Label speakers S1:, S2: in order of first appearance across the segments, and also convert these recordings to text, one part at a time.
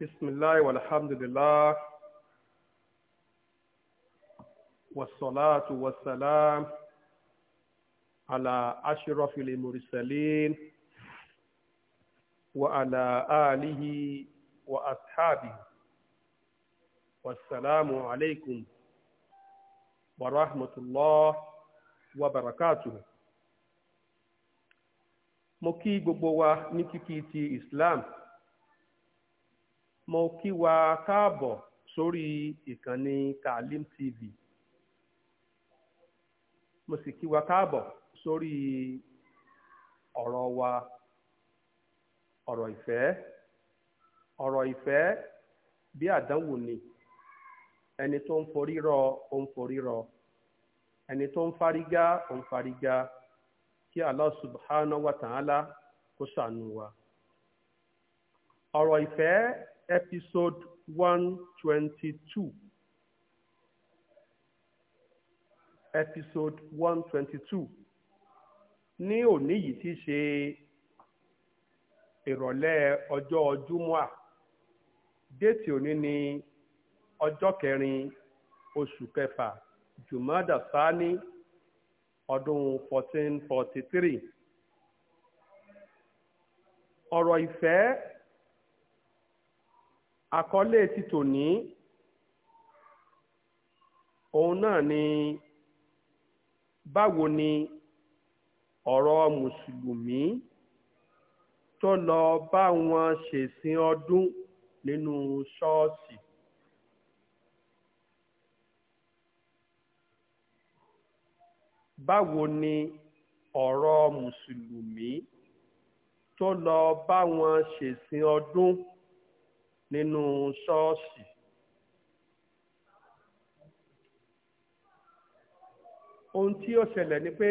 S1: بسم الله والحمد لله والصلاة والسلام على أشرف المرسلين وعلى آله وأصحابه والسلام عليكم ورحمة الله وبركاته مكي kí gbogbo wa ní mo kí wa káàbọ̀ sórí ìkànnì Kalim TV mo sì kí wa káàbọ̀ sórí ọ̀rọ̀ wa ọ̀rọ̀ ìfẹ́ ọ̀rọ̀ ìfẹ́ bí àdánwò ni ẹni tó ń forí rọ ó ń forí rọ ẹni tó ń farigá ó ń farigá kí Allah subhanahu wa ta'ala kó wa ọ̀rọ̀ ìfẹ́ episode one twenty two episode one twenty two ní òní yìí ti ṣe ìrọ̀lẹ́ ọjọ́ Júmọ́à déètì òní ni ọjọ́ kẹrin oṣù kẹfà Jùmọ́dà sáni ọdún fourteen forty three ọ̀rọ̀ ìfẹ́ àkọlé ti tòní òun náà ni báwo ni ọ̀rọ̀ mùsùlùmí tó lọ bá wọn ṣèsìn ọdún nínú ṣọ́ọ̀ṣì. báwo ni ọ̀rọ̀ mùsùlùmí tó lọ bá wọn ṣèsìn ọdún nínú ṣọ́ọ̀ṣì. ohun tí ó ṣẹlẹ̀ ni pé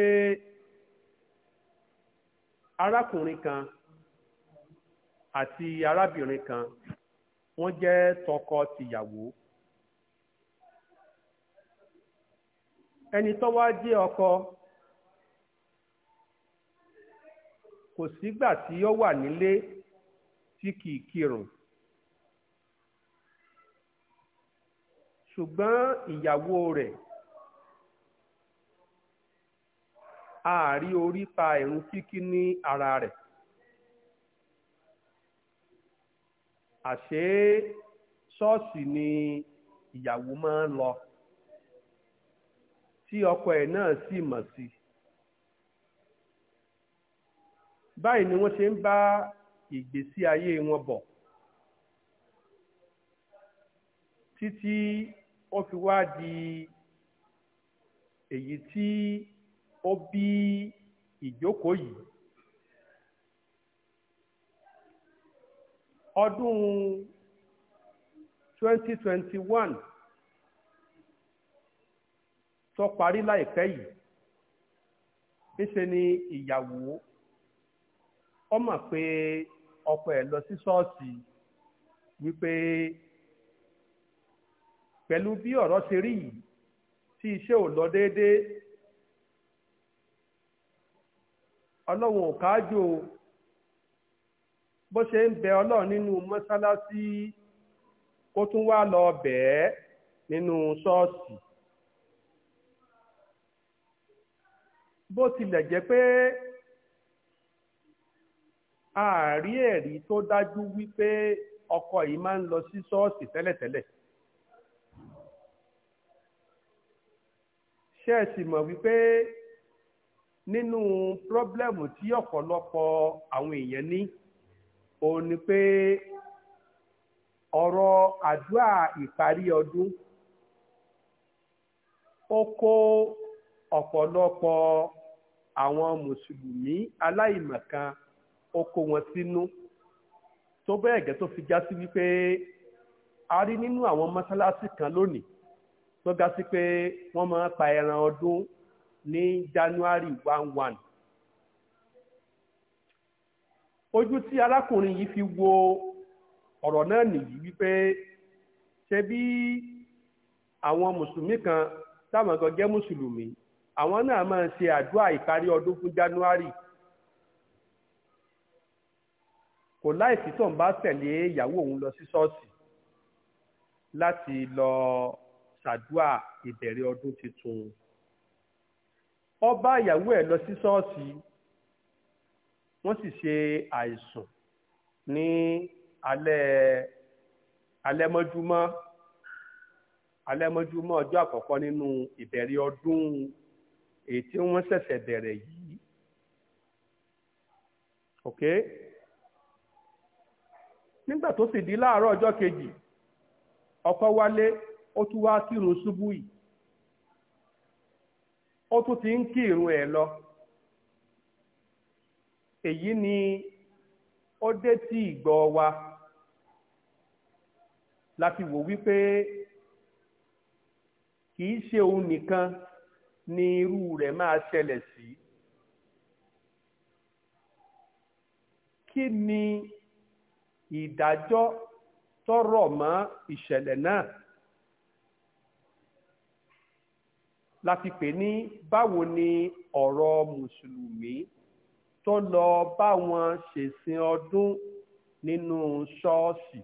S1: arákùnrin kan àti arábìnrin kan wọ́n jẹ́ tọkọ tìyàwó. ẹni tó wá jẹ́ ọkọ kò sígbà tí ó wà nílé tí kìí kírun. ṣùgbọ́n ìyàwó rẹ̀ ààrí orí pa ìrun kíkí ní ara rẹ̀ àṣé ṣọ́ọ̀ṣì ni ìyàwó máa ń lọ tí ọkọ ẹ̀ náà sì mọ̀ sí báyìí ni wọ́n ṣe ń bá ìgbésí ayé wọn bọ̀ títí o fi wá di èyí tí ó bí ìjókòó yìí ọdún 2021 tó parí láìpẹ́ yìí níṣe ni ìyàwó ọ mọ̀ pé ọkọ ẹ̀ lọ sí ṣọ́ọ̀ṣì wípé pẹ̀lú bí ọ̀rọ̀ ṣe rí yìí tí iṣẹ́ ò lọ déédéé ọlọ́run ò káájò bó ṣe ń bẹ ọlọ́run nínú mọ́sálásí kó tún wá lọ bẹ̀ nínú ṣọ́ọ̀ṣì bó tilẹ̀ jẹ́ pé ààrí ẹ̀rí tó dájú wípé ọkọ yìí máa ń lọ sí ṣọ́ọ̀ṣì tẹ́lẹ̀tẹ́lẹ̀. ṣé ẹ sì mọ̀ wípé nínú pírọ́blẹ́mù tí ọ̀pọ̀lọpọ̀ àwọn èèyàn ní òun ni pé ọ̀rọ̀ àdúrà ìparí ọdún ó kó ọ̀pọ̀lọpọ̀ àwọn mùsùlùmí aláìmọ̀kan ó kó wọn sínú tó bẹ́ẹ̀ gẹ́ tó fi já sí wípé a rí nínú àwọn mọ́sálásí kan lónìí tó ga sí pé wọ́n máa pa ẹran ọdún ní January one one ojú tí arákùnrin yìí fi wo ọ̀rọ̀ náà nìyí wípé ṣe bí àwọn mùsùlùmí kan táwọn kan jẹ́ mùsùlùmí àwọn náà máa ń ṣe àdúrà ìparí ọdún fún January kò láìsí tó ń bá tẹ̀lé ìyàwó òun lọ sí ṣọ́ọ̀ṣì láti lọ ṣàdúà ìbẹ̀rẹ̀ ọdún tuntun ó bá ìyàwó ẹ̀ lọ sí ṣọ́ọ̀ṣì wọ́n sì ṣe àìsùn ní alẹ́ alẹ́mọ́júmọ́ alẹ́mọ́júmọ́ ọjọ́ àkọ́kọ́ nínú ìbẹ̀rẹ̀ ọdún èyí tí wọ́n ṣẹ̀ṣẹ̀ bẹ̀rẹ̀ yìí ok nígbà tó sì di láàárọ̀ ọjọ́ kejì ọkọ wálé ó tún wá kírun ṣubú yìí ó tún ti ń kírun ẹ̀ lọ èyí ni ó dé tí ìgbọ́ wa láti wò wípé kìí ṣe òun nìkan ni irú rẹ̀ máa ṣẹlẹ̀ sí kí ni ìdájọ́ tó mọ́ ìṣẹ̀lẹ̀ náà la fi pè ní báwo ni ọ̀rọ̀ mùsùlùmí tó lọ báwọn ṣèsìn ọdún nínú ṣọ́ọ̀ṣì.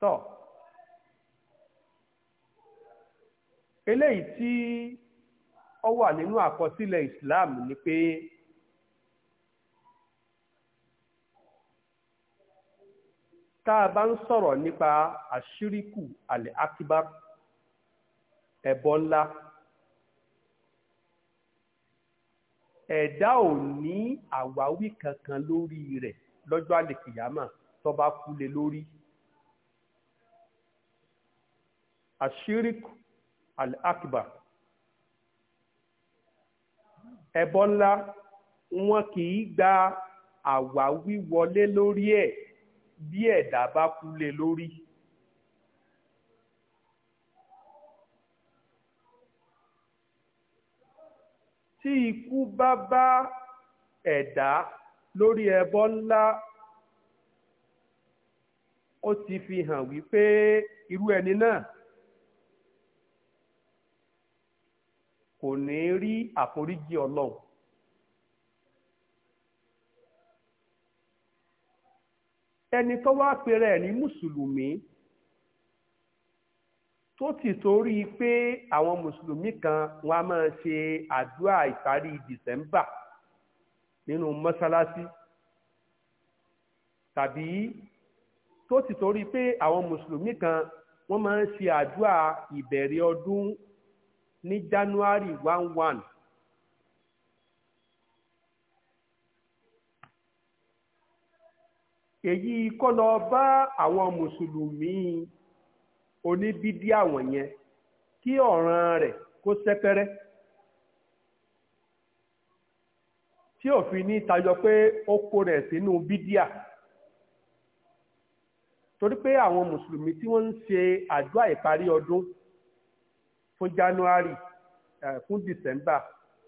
S1: tọ́ eléyìí tí ó wà nínú àkọsílẹ̀ Islam ni pé tá a bá ń sọ̀rọ̀ nípa àṣíríkù àlẹ́ akíbárù ẹbọ ńlá ẹ̀dá ò ní àwáwí kankan lórí rẹ̀ lọ́jọ́ àlèkìyàmà tó bá kú lé lórí àṣíríkù al-akbar ẹbọ ńlá wọn kì í gba àwáwí wọlé lórí ẹ̀ bí ẹ̀dá bá kú lé lórí. tí ikú bá bá ẹ̀dá lórí ẹbọ ńlá ó ti fi hàn wípé irú ẹni náà kò ní rí àforíjì ọlọ́run. ẹni tó wá pèrè ẹ̀ mùsùlùmí tó ti torí pé àwọn mùsùlùmí kan wọn a máa ṣe àdúrà ìparí dìsẹ́mbà nínú mọ́sálásí tàbí tó ti torí pé àwọn mùsùlùmí kan wọ́n máa ń ṣe àdúrà ìbẹ̀rẹ̀ ọdún ní January one one èyí kọ́ lọ bá àwọn mùsùlùmí oníbídí àwọn yẹn kí ọ̀ràn rẹ̀ kó sẹ́pẹ́rẹ́ tí òfin ní tayọ pé ó kó rẹ̀ sínú bídíà torí pé àwọn mùsùlùmí tí wọ́n ń ṣe àdúrà ìparí ọdún fún January eh, fún December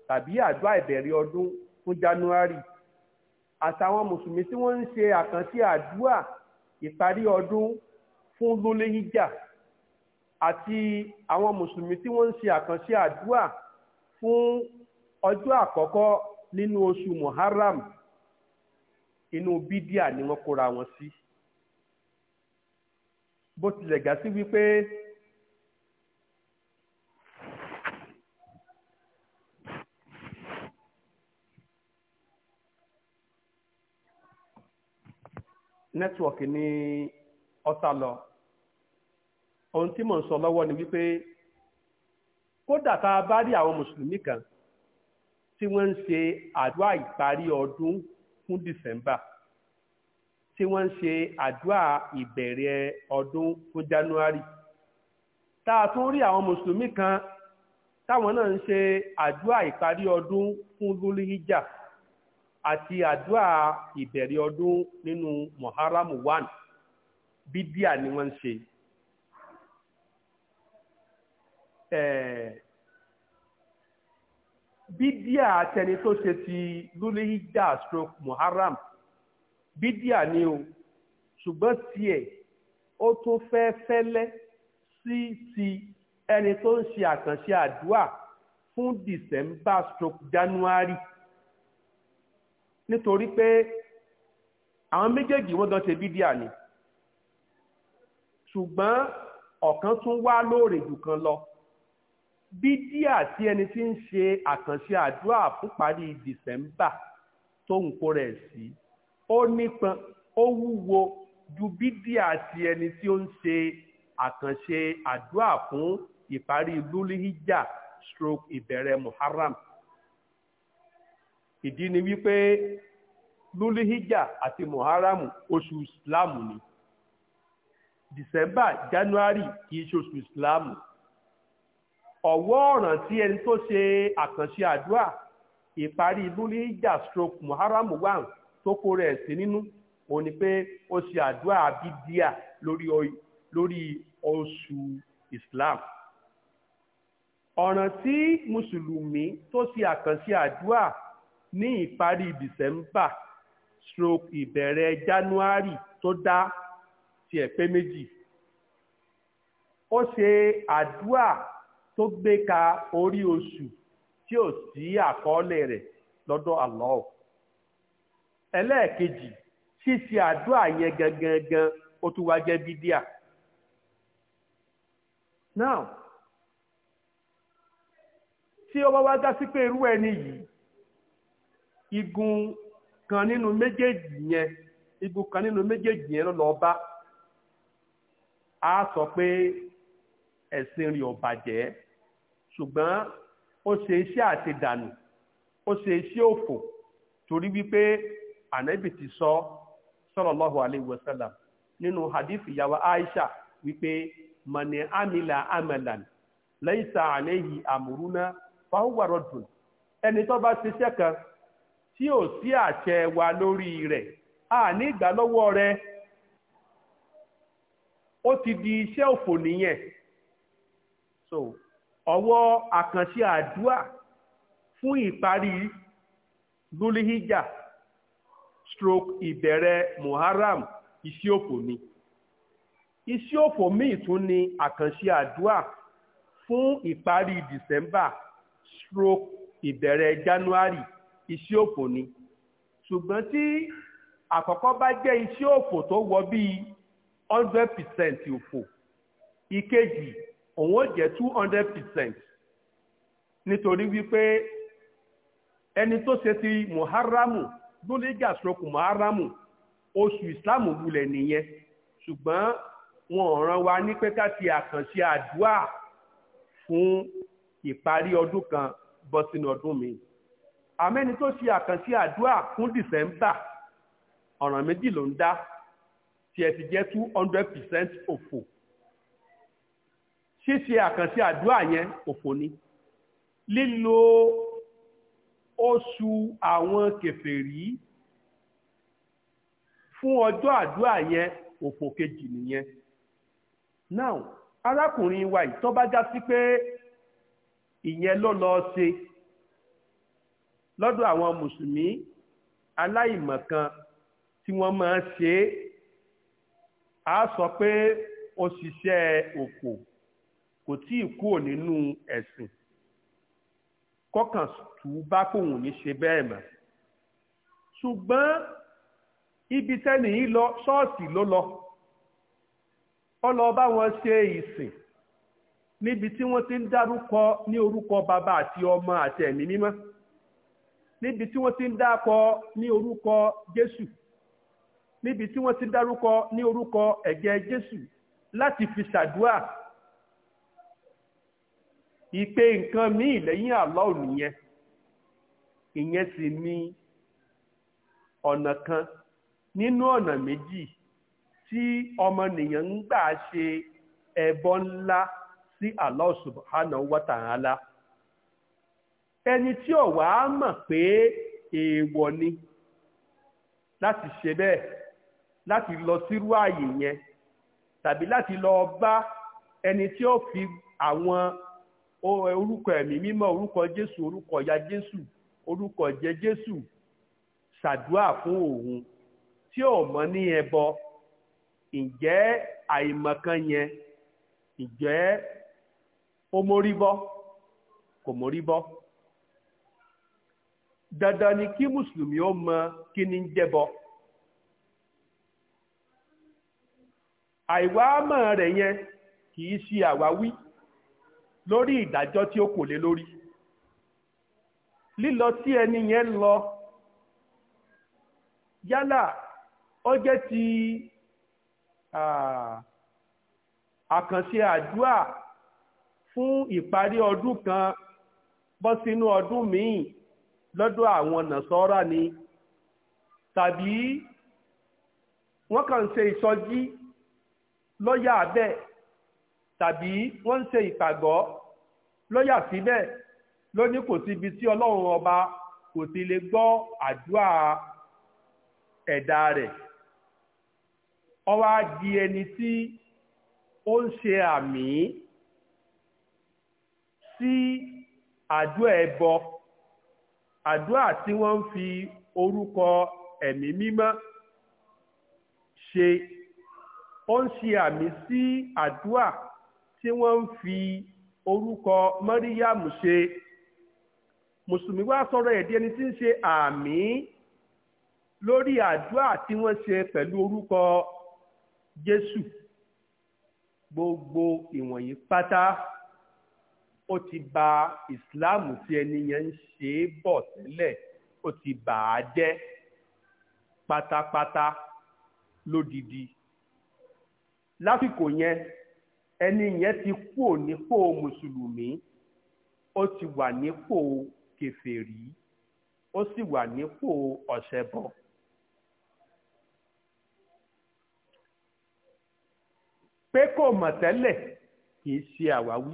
S1: tàbí àdúrà ìbẹ̀rẹ̀ ọdún fún January àtàwọn mùsùlùmí tí wọ́n ń ṣe àkànṣe àdúrà ìparí ọdún fún lólé yíjà àti àwọn mùsùlùmí tí wọ́n ń ṣe àkànṣe àdúà fún ọjọ́ àkọ́kọ́ nínú oṣù Muharram inú bídíà ni wọ́n kóra wọn sí bó tilẹ̀ gà sí wípé nẹ́tíwọ̀kì ni ọ̀sà lọ ohun tí mò ń sọ lọ́wọ́ ni wípé kódà tá a bá rí àwọn mùsùlùmí kan tí wọ́n ń ṣe àdúrà ìparí ọdún fún December tí wọ́n ń ṣe àdúrà ìbẹ̀rẹ̀ ọdún fún January tá a tún rí àwọn mùsùlùmí kan táwọn náà ń ṣe àdúrà ìparí ọdún fún lulihija àti àdúrà ìbẹ̀rẹ̀ ọdún nínú Muharram one bídíà ni wọ́n ń ṣe Eh, bídíà àtẹni tó ṣe ti lúlẹ́híjà stroke muharram bídíà ni o ṣùgbọ́n tiẹ̀ ó tún fẹ́ fẹ́lẹ́ sí ti ẹni tó ń ṣe àkànṣe àdúà fún december stroke january nítorí pé àwọn méjèèjì wọ́n gan ṣe bídíà ni ṣùgbọ́n ọ̀kan tún wá lóòrè jù kan lọ bídíà tí ẹni tí ń ṣe àkànṣe àdúrà fún parí dìsẹ́mbà tó ń kó rẹ̀ sí ó nípọn ó wúwo ju bídíà tí ẹni tí ó ń ṣe àkànṣe àdúrà fún ìparí lúlíhíjà stroke ìbẹ̀rẹ̀ muharram ìdí ni wípé lúlíhíjà àti muharram oṣù islam ni december january kì í ṣe oṣù islam ọ̀wọ́ ọ̀ràn tí ẹni tó ṣe àkànṣe àdúrà ìparí lúlíjà stroke muharram one tó kó rẹ̀ sí nínú ó ní pé ó ṣe àdúrà bídíà lórí oṣù Islam ọ̀ràn tí mùsùlùmí tó ṣe àkànṣe àdúrà ní ìparí December stroke ìbẹ̀rẹ̀ January tó dá tiẹ̀ pé méjì ó ṣe àdúrà tó gbé ka orí oṣù tí ó sí àkọọ́lẹ̀ rẹ̀ lọ́dọ̀ Allah ẹlẹ́ẹ̀kejì ṣíṣe àdúrà yẹn gangan ó tún wá jẹ́ bídíà now tí ó bá wá dá sí pé irú ẹni yìí igun kan nínú méjèèjì yẹn igun kan nínú méjèèjì yẹn ló bá a sọ pé ẹ̀sìn rí ọba jẹ́ ṣùgbọ́n ó ṣe iṣẹ́ dànù, ó ṣe iṣẹ́ òfò torí wípé ànábì ti sọ sallallahu alaihi wasallam nínú hadith ìyàwó Aisha wípé mọ̀nì amìlà amalan laysa alaihi amruna fahuwa raddun ẹni tó bá ṣiṣẹ́ wa lórí rẹ̀ a ní rẹ̀ di iṣẹ́ òfò nìyẹn so ọwọ́ àkànṣe àdúà fún ìparí lulihija stroke ìbẹ̀rẹ̀ muharram ìṣíòfò ni ìṣíòfò míì tún ni àkànṣe àdúà fún ìparí december stroke ìbẹ̀rẹ̀ january ìṣíòfò ni ṣùgbọ́n tí àkọ́kọ́ bá jẹ́ iṣẹ́ òfò tó wọ bíi hundred percent òfò ìkejì òun ó jẹ́ two hundred percent nítorí wípé ẹni tó ṣe ti muharramu lóléjà sọkùn muharramu oṣù ìsìláàmù wulẹ̀ nìyẹn ṣùgbọ́n wọn ò ràn wá ní pé ká ti àkànṣe àdúà fún ìparí ọdún kan bọ́ sínú ọdún mi àmẹ́ni tó ṣe àkànṣe àdúà fún dìsẹ́mbà ọ̀ràn méjì ló ń dá tí ẹ ti jẹ́ two hundred percent òfò ṣíṣe àkànṣe àdúrà yẹn òfò ni lílo oṣù àwọn kèfèrí fún ọjọ́ àdúrà yẹn òfò kejì nìyẹn now arákùnrin wa yìí tó bá já sí pé ìyẹn ló lọ ṣe lọ́dọ̀ àwọn mùsùlùmí aláìmọ̀kan tí wọ́n máa ṣe é a sọ pé òṣìṣẹ́ òkò kò tí ì kúrò nínú ẹ̀sìn kọ́kàn tù ú bá pòun ní ṣe bẹ́ẹ̀ mọ́ ṣùgbọ́n ibi tẹ́nì yìí lọ ṣọ́ọ̀ṣì ló lọ ó lọ bá wọn ṣe ìsìn níbi tí wọ́n ti ń dárúkọ ní orúkọ bàbá àti ọmọ àti ẹ̀mí mímọ́ níbi tí wọ́n ti ń dákọ ní orúkọ Jésù níbi tí wọ́n ti ń dárúkọ ní orúkọ ẹ̀jẹ̀ Jésù láti fi ṣàdúrà ìpè nǹkan míì lẹ́yìn Allah nìyẹn ìyẹn sì ni ọ̀nà kan nínú ọ̀nà méjì tí ọmọnìyàn ń gbà ṣe ẹbọ ńlá sí Allah subhanahu wa ta'ala ẹni tí ò wá mọ̀ pé èèwọ̀ ni láti ṣe bẹ́ẹ̀ láti lọ sírú ààyè yẹn tàbí láti lọ bá ẹni tí ó fi àwọn orúkọ ẹ̀mí mímọ́ orúkọ jésù orúkọ ìyá jésù orúkọ ìjẹ jésù ṣàdúà fún òun tí ò mọ̀ ní ẹbọ ǹjẹ́ àìmọ̀kan yẹn ǹjẹ́ ó mórí bọ́ kò mórí bọ́ dandan ni kí mùsùlùmí ó mọ kí ni ń jẹbọ àìwá mọ̀ rẹ̀ yẹn kì í ṣe àwáwí. lórí ìdájọ́ tí ó kò lé lórí lílọ tí ẹni yẹn lọ yálà ó jẹ́ ti àkànṣe àdúà fún ìparí ọdún kan bọ́ sínú ọdún míì lọ́dọ̀ àwọn nàṣọ́rà ni tàbí wọ́n kàn ṣe ìsọjí lọ́yà bẹ́ẹ̀ tàbí wọ́n ń ṣe ìpàgọ́ lọ́yà síbẹ̀ ló ní kò síbi tí ọlọ́run ọba kò ti lè gbọ́ àdúrà ẹ̀dá rẹ̀ ó wá di ẹni tí ó ń ṣe àmì sí àdúrà ẹbọ àdúrà tí wọ́n ń fi orúkọ ẹ̀mí mímọ́ ṣe ó ń ṣe àmì sí àdúrà tí wọ́n ń fi orúkọ mọ́ríyàmù ṣe mùsùlùmí wá sọ̀rọ̀ ẹ̀dí ẹni tí ń ṣe àmì lórí àdúrà tí wọ́n ṣe pẹ̀lú orúkọ Jésù gbogbo ìwọ̀nyí pátá ó ti bà ìsìláàmù tí ẹni yẹn ń ṣe é bọ̀ tẹ́lẹ̀ ó ti bà á jẹ́ pátápátá lódidi lásìkò yẹn ẹni yẹn ti kúò nípò mùsùlùmí ó ti wà nípò kèfèrí ó sì wà nípò ọ̀ṣẹ̀bọ. pé kò mọ̀ tẹ́lẹ̀ kì í ṣe àwáwí.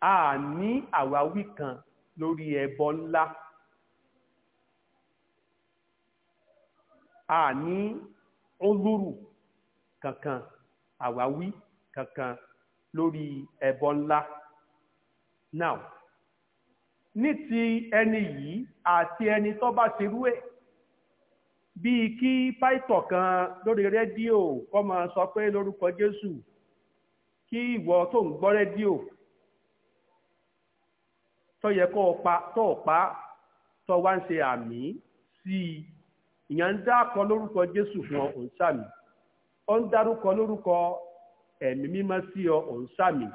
S1: a ní àwáwí kan lórí ẹbọ ńlá. a ní olúrù kankan àwáwí kankan lórí ẹbọ ńlá now ní ti ẹni yìí àti ẹni tó bá ṣerú ẹ̀ bíi kí pásítọ̀ kan lórí rédíò kó máa sọ pé lórúkọ Jésù kí ìwọ tó ń gbọ́ rédíò tó yẹ kó o pa tó pa tó wá ń ṣe àmì sí i dá akọ lórúkọ Jésù fún ọ sàmì. Ọ ń darúkọ lórúkọ ẹ̀mí mímọ́ sí ọ òun sàmì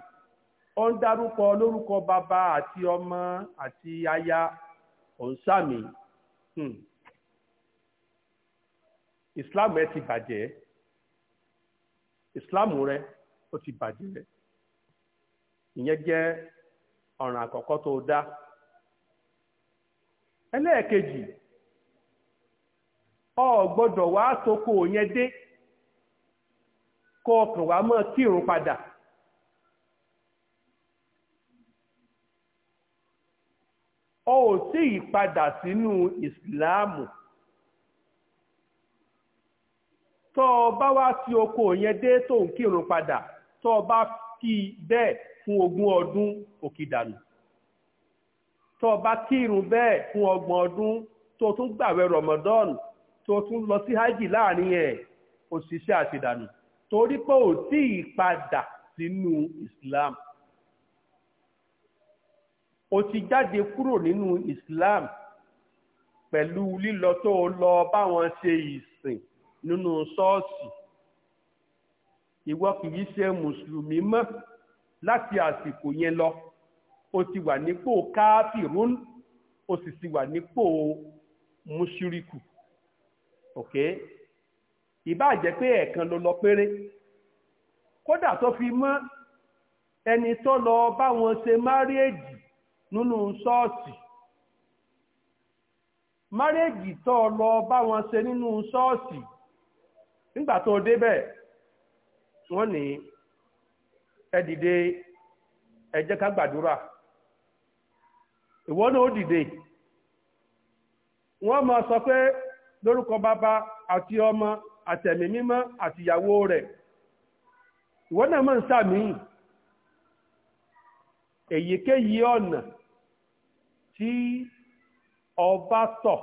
S1: Ọ ń darúkọ lórúkọ bàbá àti ọmọ àti aya òun sàmì hmm. islam rẹ ti bàjẹ́ islam rẹ ó ti bàjẹ́ rẹ. ìyẹn jẹ́ ọ̀ràn àkọ́kọ́ tó dá ẹlẹ́ẹ̀kejì o gbọ́dọ̀ wá sóko yẹn dé. kọ̀ọ̀kan wàá mọ̀ kírun padà ọ ò tí ì padà sínú ìsìláàmù tọ́ ọ bá wá sí oko yẹn dé tó ń kírun padà tọ́ ọ bá kí bẹ́ẹ̀ fún ogún ọdún òkìdànù tọ́ ọ bá kírun bẹ́ẹ̀ fún ọgbọ̀n ọdún tó tún gbàwẹ̀ rọ̀mọ̀dọ́nù tó tún lọ sí hajj láàrin ẹ̀ òṣìṣẹ́ àṣìdànù torí pé ò tí ì padà sínú Islam o ti jáde kúrò nínú Islam pẹ̀lú lílọ tó lọ báwọn ṣe ìsìn nínú ṣọ́ọ̀ṣì ìwọ kìí ṣe mùsùlùmí mọ́ láti àsìkò yẹn lọ o ti wà nípò káfìrún o sì ti wà nípò mùṣíríkù okay ìbá jẹ́ pé ẹ̀kan ló lọ péré kódà tó fi mọ́ ẹni tó lọ bá wọn ṣe márìèjì nínú ṣọ́ọ̀ṣì márìèjì tó lọ bá wọn ṣe nínú ṣọ́ọ̀ṣì nígbà tó débẹ̀ wọ́n ní ẹ dìde ẹ ká gbàdúrà ó dìde wọ́n sọ àtẹ̀mí mímọ́ àtìyàwó rẹ̀ ìwọ náà mọ̀ ń sàmì èyíkéyìí ọ̀nà tí ọba tọ̀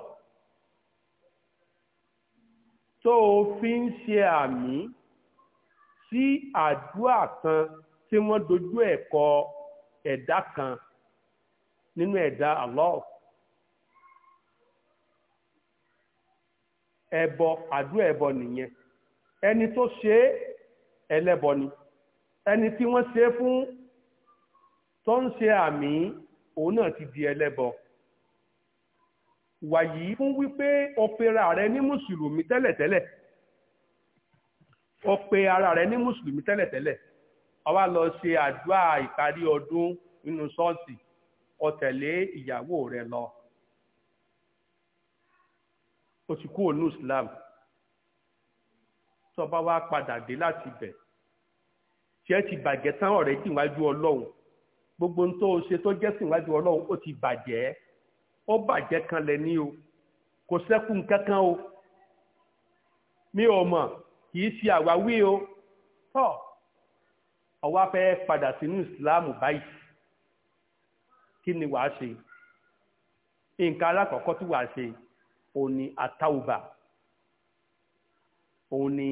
S1: tó fi ń ṣe àmì sí àdúrà kan tí wọ́n dojú ẹ̀kọ́ ẹ̀dá kan nínú ẹ̀dá Allah ẹbọ àdúrà ẹbọ nìyẹn ẹni tó ṣe é ẹlẹ́bọ ni ẹni tí wọ́n ṣe é fún tó ń ṣe àmì òun náà ti di ẹlẹ́bọ wàyí fún wípé o pera rẹ ní mùsùlùmí tẹ́lẹ̀tẹ́lẹ̀ o pe ara rẹ ní mùsùlùmí tẹ́lẹ̀tẹ́lẹ̀ ó wá lọ ṣe àdúrà ìparí ọdún nínú ṣọ́ọ̀ṣì o tẹ̀lé ìyàwó rẹ lọ ó ti kúrò ní Islam tó bá wá padà dé láti ibẹ̀ tí ẹ ti bàjẹ́ tán ọ̀rẹ́ tí wájú ọlọ́run gbogbo ń tó ṣe tó jẹ́ sìn wájú ọlọ́run ó ti bàjẹ́ ó bàjẹ́ kan lẹ̀ ní o kò sẹ́kù kankan o mi ò mọ̀ kì í ṣe àwáwí o tọ́ ọwọ́ fẹ́ padà sínú Islam báyìí kí ni wàá ṣe nǹkan alákọ̀ọ́kọ́ tí wàá ṣe òun ni àtàwùbà òun ni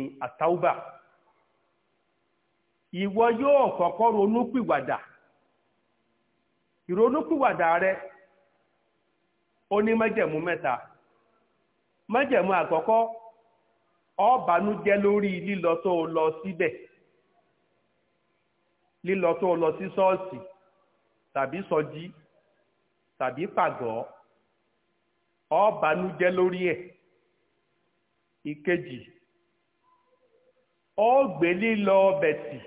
S1: ìwọ yóò kọ́kọ́ ronúpìwàdà ìronúpìwàdà rẹ ó ní májẹ̀mú mẹ́ta májẹ̀mú àkọ́kọ́ lórí lílọ tó lọ lílọ tó lọ sí ṣọ́ọ̀ṣì tàbí sọjí tàbí pàgọ́ ọ lórí ẹ̀ ìkejì ọgbẹ gbé lílọ ọbẹ̀ tì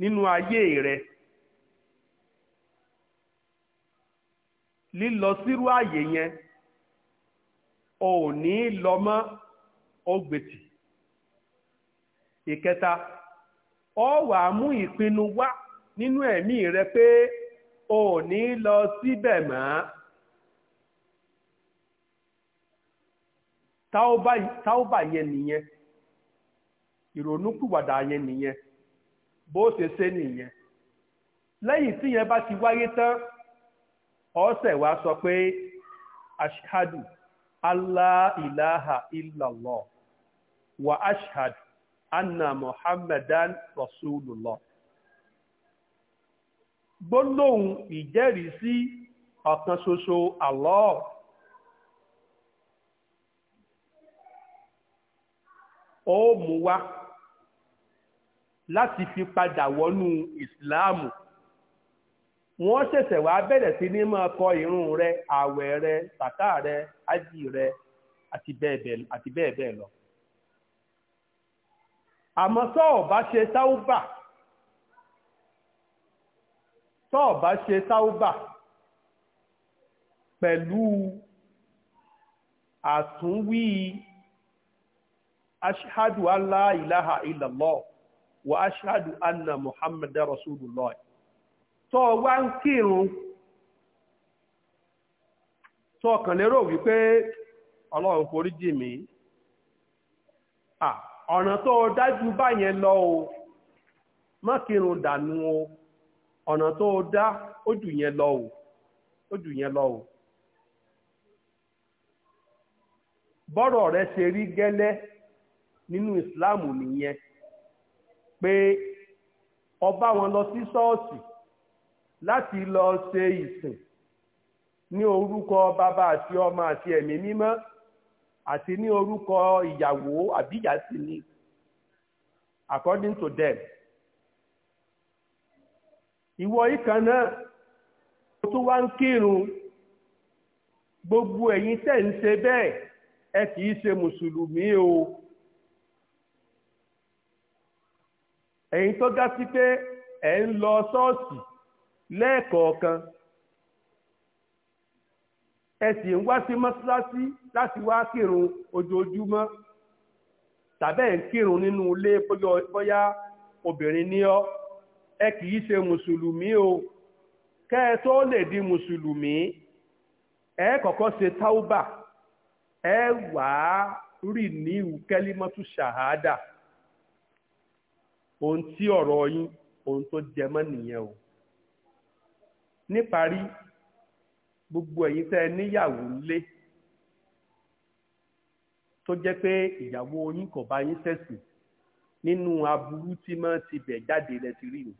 S1: nínú ayé rẹ lílọ sírú àyè yẹn ò ní lọ mọ́ ó tì ìkẹta ọ wà mú ìpinnu wá nínú ẹ̀mí rẹ pé o ò ní lọ síbẹ̀ mọ́. táwọ́bà yẹn nìyẹn ìrònúpìwàdà yẹn nìyẹn bó ṣe ṣe nìyẹn lẹ́yìn tí yẹn bá ti wáyé tán ọ̀sẹ̀ wa sọ pé ashhadu allah ilaha illallah wa ashhadu anna muhammadan rasulullah gbólóhùn ìjẹ́rìí sí ọ̀kan ṣoṣo allah ó mú wá láti fi padà wọnú ìsìláàmù wọ́n ṣẹ̀ṣẹ̀ wá bẹ̀rẹ̀ sí ní máa kọ irun rẹ ààwẹ̀ rẹ sàká rẹ ájì rẹ àti bẹ́ẹ̀ bẹ́ẹ̀ lọ àmọ́ sọ́ọ̀ bá ṣe táúbà sọ́ọ̀ bá ṣe táúbà pẹ̀lú àtúnwí ashhadu an la ilaha illallah wa ashhadu anna muhammadar rasulullah tó wá ń kírun tó kàn lérò wípé ọlọ́run forí jì mí ọ̀nà tó dájú báyẹn lọ o má kírun dànù o ọ̀nà tó dá ó yẹn lọ o ó yẹn lọ o. bọ́rọ̀ ṣe rí gẹ́lẹ́ nínú ìsìláàmù nìyẹn pé ọba wọn lọ sí ṣọ́ọ̀ṣì láti lọ ṣe ìsìn ní orúkọ bàbá àti ọmọ àti ẹ̀mí mímọ́ àti ní orúkọ ìyàwó àbíyàsí ni according to them ìwọ yìí náà ó tún wá ń kírun gbogbo ẹ̀yìn tẹ́ ń ṣe bẹ́ẹ̀ ẹ kì í ṣe mùsùlùmí o. ẹ̀yin tó ga sí pé ẹ̀ ń lọ ṣọ́ọ̀ṣì lẹ́ẹ̀kọ̀ọ̀kan ẹ sì ń wá sí mọ́ṣáláṣí láti wá kírun ojoojúmọ́ tàbẹ́ ń kírun nínú ilé bóyá obìnrin ni ọ ẹ kìí ṣe mùsùlùmí o kẹ́ ẹ tó lè di mùsùlùmí ẹ kọ̀kọ́ ṣe táúbà ẹ wàá rí ní ìwúkẹ́límọ́tù ṣàhádà. ohun tí ọ̀rọ̀ yín ohun tó jẹ mọ́ nìyẹn o níparí gbogbo ẹ̀yin tẹ́ ẹ níyàwó lé tó jẹ́ pé ìyàwó yín kò bá yín ṣẹ̀sìn nínú aburú tí mọ́ ti bẹ̀ jáde lẹ ti rí mi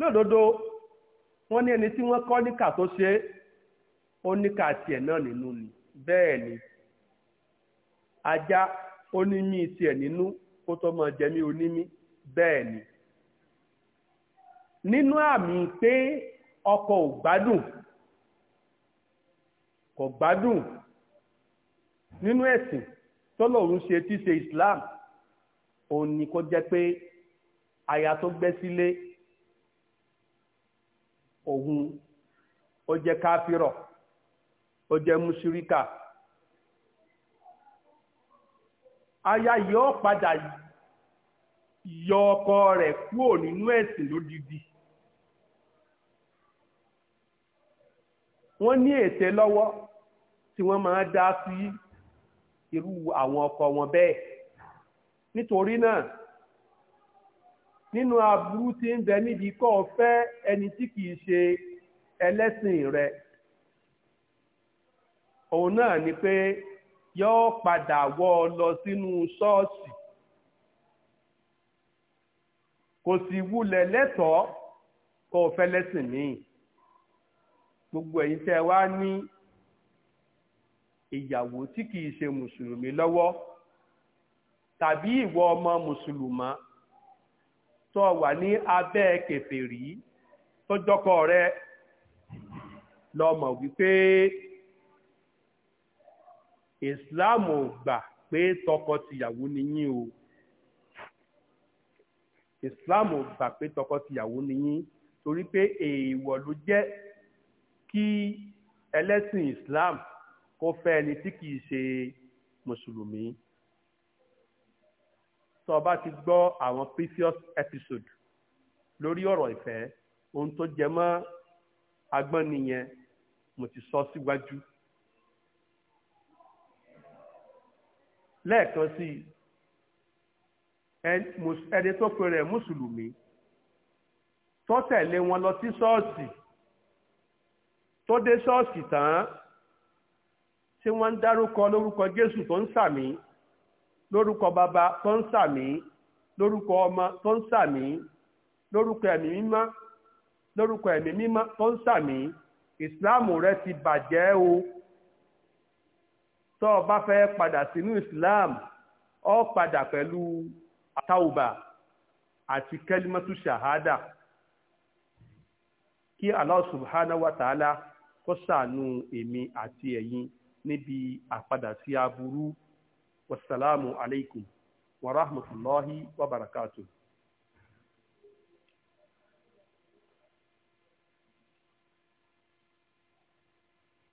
S1: lódodo wọ́n ní ẹni tí wọ́n kọ́ níkà tó ṣe ó níkà tiẹ̀ náà nínú ni bẹ́ẹ̀ ni ajá ó ní mí nínú kó tó máa jẹ mí onímí bẹ́ẹ̀ ni nínú àmì pé ọkọ ò gbádùn kò gbádùn nínú ẹ̀sìn tọ́lọ́run ṣe tí ṣe Islam òun ni kó jẹ́ pé aya tó gbé sílé òun ó jẹ́ káfírọ̀ ó jẹ́ mùsùríkà aya yọ padà yọ ọkọ rẹ̀ kúrò nínú ẹ̀sìn lódidi wọ́n ní ète lọ́wọ́ tí wọ́n máa dá sí irú àwọn ọkọ wọn bẹ́ẹ̀ nítorí náà nínú aburú tí ń bẹ níbi kọ́ fẹ́ ẹni tí kìí ṣe ẹlẹ́sìn rẹ̀ òun náà ni pé yóò padà wọ́ ọ lọ sínú ṣọ́ọ̀ṣì kò sì wulẹ̀ lẹ́tọ̀ọ́ kó o fẹ́ lẹ́sìn míì gbogbo ẹ̀yin tẹ́ wá ní ìyàwó tí kìí ṣe mùsùlùmí lọ́wọ́ tàbí ìwọ ọmọ mùsùlùmá tó wà ní abẹ́ kèfèrí tó jọkọ rẹ lọ́mọ wípé islam ò gbà pé tọkọ-tìyàwó ni yín o islam ò gbà pé tọkọ-tìyàwó ni yín torí pé èèwọ̀ ló jẹ́ kí ẹlẹ́sìn islam kó fẹ́ ẹni tí kìí ṣe mùsùlùmí tó o bá ti gbọ́ àwọn previous episode lórí ọ̀rọ̀ ìfẹ́ ohun tó jẹ mọ́ agbọ́n nìyẹn mo ti sọ síwájú. Si lẹ́ẹ̀kan sí ẹni tó pe rẹ̀ mùsùlùmí tó tẹ̀lé wọn lọ sí ṣọ́ọ̀ṣì tó dé ṣọ́ọ̀ṣì tán tí wọ́n ń dárúkọ lórúkọ Jésù tó ń sàmí lórúkọ bàbá tó ń sàmí lórúkọ ọmọ tó ń sàmí lórúkọ ẹ̀mí mímá lórúkọ ẹ̀mí mímọ́ tó ń sàmí ìsìláàmù rẹ ti bàjẹ́ o. tó o bá fẹ́ padà sínú Islam ọ padà pẹ̀lú àtàwùbà àti kẹlímọ́tù ṣàhádà kí Allah subhanahu wa ta'ala kó ṣàánú èmi àti ẹ̀yin níbi àpadà sí aburú wasalaamu alaikum wa rahmatulahi wa barakatuh.